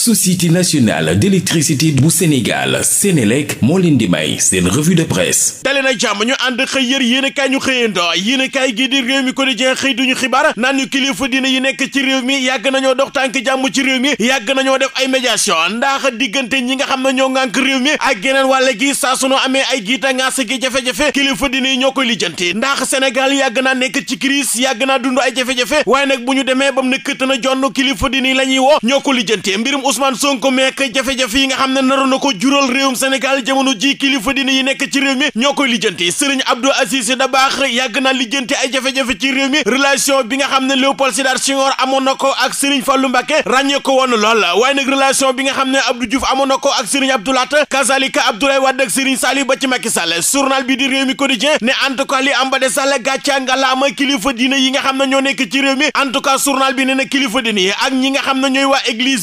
société nationale d'électricité bu Sénégal Sénélec moo leen di may seen revue de presse na jàmm ñu ànd xëy yër yéenekaay ñu xëyandoo yéenekaay gi di réew mi quotidien xëy duñu xibaar naan ñu kilifa diine yi nekk ci réew mi yàgg nañoo dox tànk jàmm ci réew mi yàgg nañoo def ay médiation ndax diggante ñi nga xam ne ñoo ngànk réew mi ak geneen wàlle gi saa sunu amee ay giita ngaas gi jafe kilifa diine ñoo koy lijjanti ndax Sénégal yàgg naa nekk ci crise yàgg naa dund ay jafe-jafe waaye nag bu ñu demee bam na këtt na jonn kilifa diine yi la ñuy woo ñoo ko lijjanti mbirum Ousmane Sonko meek jafe-jafe yi nga xam ne naroon na ko jural réewum Sénégal jamono ji kilifa dina yi nekk ci réew mi ñoo koy lijjanti Serigne Abdou Aziz Dabakh yàgg naa lijjanti ay jafe-jafe ci réew mi relation bi nga xam ne Léopold Sédar Senghor amoon na ko ak Serigne Fallou Mbacké ràññee ko woon lool waaye nag relation bi nga xam ne Abdou Diouf amoon na ko ak Serigne Abdou Lahat kazalika Abdoulaye Wade ak Serigne Saliou ba ci Macky Sall journal bi di réew mi quotidien ne en tout cas li am ba de Sall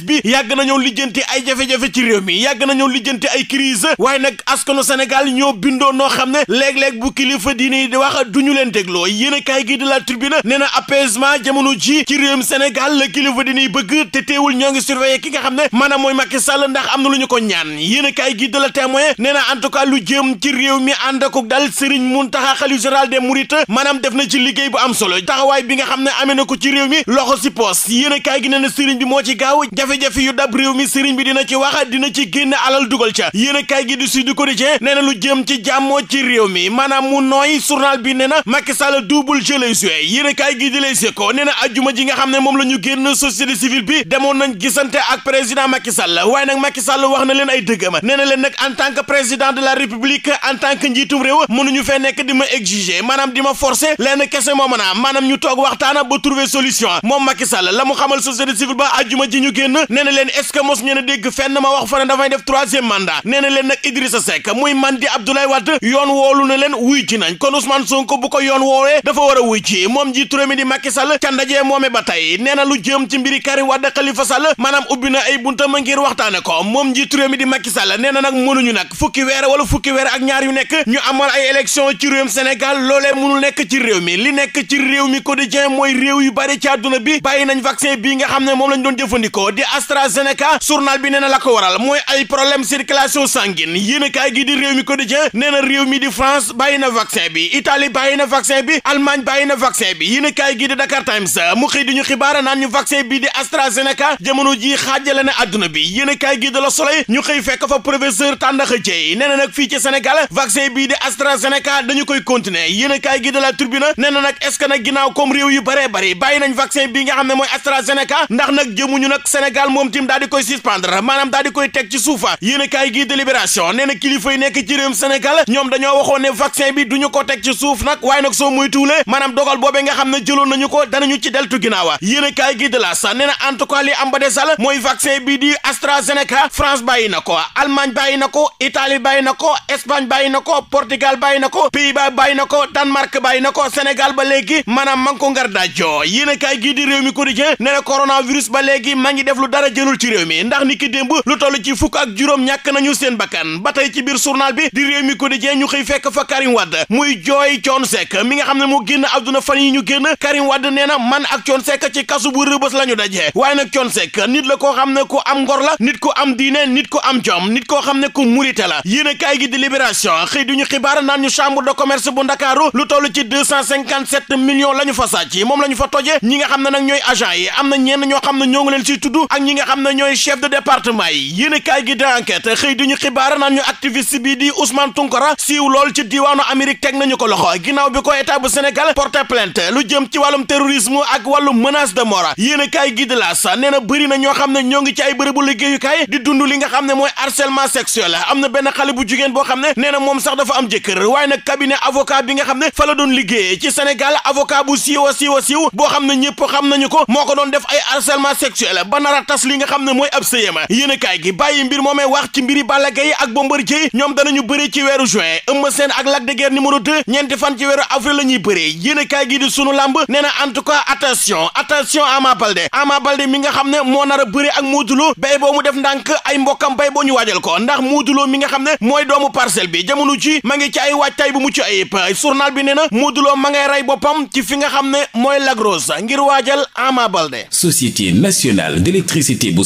bi ne na nañoo lijjanti ay jafe ci réew mi yàgg nañoo lijjanti ay crise waaye nag askanu Sénégal ñoo bindoo noo xam ne léeg-léeg bu kilifa diine yi di wax duñu leen dégloo yéen a kaay gi di la nee na apaisement jamono ji ci réewum Sénégal la kilifa diine yi bëgg te teewul ñoo ngi surveiller ki nga xam ne maanaam mooy Macky Sall ndax am na lu ñu ko ñaan yéen a gi di la témoin nee na en tout cas lu jëm ci réew mi ànd ko dal Serigne Mountakha Khalife général des Mourides maanaam def na ci liggéey bu am solo taxawaay bi nga xam ne amee na ko ci réew mi loxo si poos yéen a kaay gi nee na bi moo ci gaaw jafe-jafe yu ab réew mi sëriñ bi dina ci wax dina ci génn alal dugal ca yéen kaay gi du Sud Quotidien nee na lu jëm ci jàmmoo ci réew mi maanaam mu nooy journal bi nee na Macky Sall double jeu lay joué yéen kaay gi di Les Échos nee na ajuma ji nga xam ne moom la ñu génn société civile bi demoon nañ gisante ak président Macky Sall waaye nag Macky Sall wax na leen ay dëggama nee na leen nag en tant que président de la République en tant que njiitum réew mënuñu ma exiger maanaam di ma forcer lenn ñu toog waxtaana ba trouver solution moom Macky Sall la mu xamal société civile est-ce que mos ngeen dégg fenn ma wax fa ne dafay def troisième mandat nee na leen nag Idrissa Seck muy man di Abdoulaye Wade yoon woolu na leen wuy ci nañ kon Ousmane Sonko bu ko yoon woowee dafa war a wuy ci moom ji turóomi di Macky Sall ca ndajee moome ba tey nee na lu jëm ci mbiri Karim Wade Khalifa Sall maanaam ubbi na ay buntam ngir waxtaane ko moom ji mi di Macky Sall nee na nag mënuñu nag fukki weer wala fukki weer ak ñaar yu nekk ñu amal ay élection ci réewum Sénégal loolee mënul ci réew mi li nekk ci réew mi quotidien mooy réew yu bari ci àdduna bi bàyyi nañ vaccin bii nga xam ne moom lañ doon jëfandikoo di Sénégal journal bi nee na la ko waral mooy ay problème circulation sanguine yéen a kaay gi di réew mi quotidien nee na réew mi di France bàyyi na vaccin bi Italie bàyyi na vaccin bi Allemagne bàyyi na vaccin bi yéen a gi di Dakar Times mu xëy di ñu xibaara naan ñu vaccin bi di AstraZeneca jamono ji xaajale na adduna bi yéen a gi di la Soleil ñu xëy fekk fa professeur Tandakha Dièye nee na nag fii ci Sénégal vaccin bii di AstraZeneca dañu koy continuer yéen a kaay gi de la Tribune na nag est-ce que nag daal di koy suspendre maanaam daal di koy teg ci suufa yéen a kaay gii délibération nee na kilifa yi nekk ci réewum Sénégal ñoom dañoo waxoon ne vaccin bi ko teg suuf nag waaye nag soo muy tuulee maanaam dogal boobee nga xam ne jëloon nañu ko danañu ci deltu ginnaawa yéen a kaay gii de la sa nee na en tout ba di AstraZeneca France bàyyi na ko Allemagne bàyyi na ko Italie bàyyi na ko Espagne bàyyi na ko Portugal bàyyi na ko Pays-Bas bàyyi na ko Danemark bàyyi na ko ba léegi maanaam ma ngi ko ngar daajoo yéen a kaay gii di mi quotidien nee na coronavirus ba léegi ngi def lu dara jëlul ci réew mi ndax ni ki démb lu toll ci fukk ak juróom ñàkk nañu seen bakkan ba tey ci biir journal bi di réew rëbës la daje waaye nag Thione Seck nit la koo xam ne ku am ngor la nit ku am diine nit ku am jom nit koo xam ne ku murite la yéen a kaay gi di libération xëy duñu xibaar naan ñu chambre de commerce bu ndakaaru lu toll ci deux cent cinquante sept millions moom la fa toje ñi nga xam ne nag ñooy agent yi am na ñenn ñoo xam ne ñoo ngi leen ciy ak ñi nga xam ne ñooy chef de département yi yéenekaay gi di enquête xëy di ñu xibaar naan ñu activiste bi di Ousmane Tounkara siiw lool ci diwaanu Amérique teg nañu ko loxo ginnaaw bi ko état bu Sénégal porté plainte lu jëm ci wàllum terrorisme ak wallu menace de mort yéenekaay gi di L'As nee na bëri na ñoo xam ne ñoo ngi ci ay bërëbu liggéeyukaay di dund li nga xam ne mooy harcèlement sexuel am na benn xale bu jigéen boo xam ne nee na moom sax dafa am jëkkër waaye nag cabinet avocat bi nga xam ne fa liggéeyee ci Sénégal avocat bu siiwa siiwa siiw boo xam ne ñëpp xam nañu ko moo ko doon def ay harcèlement sexuel xam ne mooy ab sëyama yéen a kaay gi bàyyi mbir moomee wax ci mbiri Balla Gaye ak Bombardier ñoom danañu bëri ci weeru juin Eumeu Sène ak Lac de Guiers numéro 2 ñeenti fan ci weeru avril la ñuy bëree yéen a gi di sunu làmb nee na en tout cas attention attention Ama Baldé Ama Baldé mi nga xam ne moo nar a bëri ak Modou Lo bay boo mu def ndànk ay mbokkam bay boo ñu waajal ko ndax Modou Lo mi nga xam ne mooy doomu parcelle bi jamono ji ma ngi ci ay waajtaay bu mucc ayib journal bi nee na Modou ma ngay rey boppam ci fi nga xam ne mooy Lac Rose ngir waajal Ama Baldé société nationale d'électricité bu